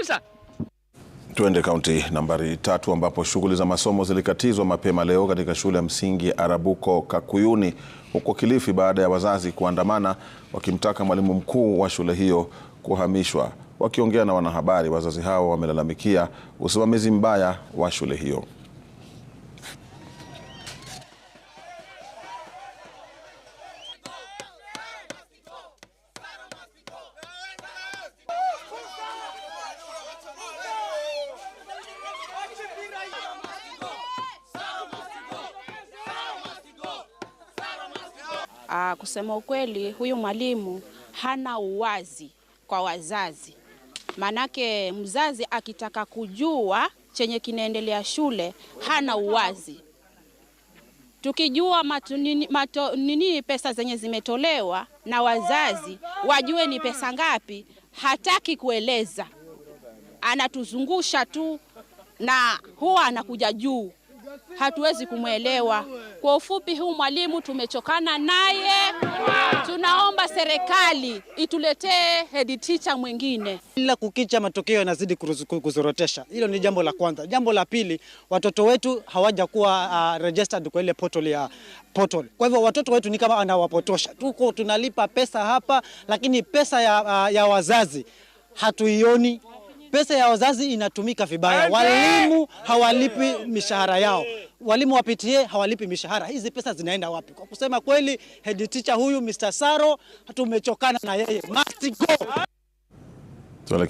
kabisa. Tuende kaunti nambari tatu ambapo shughuli za masomo zilikatizwa mapema leo katika shule ya msingi Arabuko Kakuyuni huko Kilifi baada ya wazazi kuandamana wakimtaka mwalimu mkuu wa shule hiyo kuhamishwa. Wakiongea na wanahabari, wazazi hao wamelalamikia usimamizi mbaya wa shule hiyo. Uh, kusema ukweli huyu mwalimu hana uwazi kwa wazazi, maanake mzazi akitaka kujua chenye kinaendelea shule hana uwazi. Tukijua matu, nini, mato, nini pesa zenye zimetolewa na wazazi wajue ni pesa ngapi, hataki kueleza, anatuzungusha tu na huwa anakuja juu hatuwezi kumwelewa. Kwa ufupi, huu mwalimu tumechokana naye, tunaomba serikali ituletee head teacher mwingine. Kila kukicha, matokeo yanazidi kuzorotesha. Hilo ni jambo la kwanza. Jambo la pili, watoto wetu hawajakuwa uh, registered kwa ile portal ya portal. Kwa hivyo watoto wetu ni kama anawapotosha. Tuko tunalipa pesa hapa, lakini pesa ya, uh, ya wazazi hatuioni Pesa ya wazazi inatumika vibaya, walimu hawalipi mishahara yao, walimu wa PTA hawalipi mishahara. Hizi pesa zinaenda wapi? Kwa kusema kweli, head teacher huyu Mr. Saro tumechokana na yeye, must go.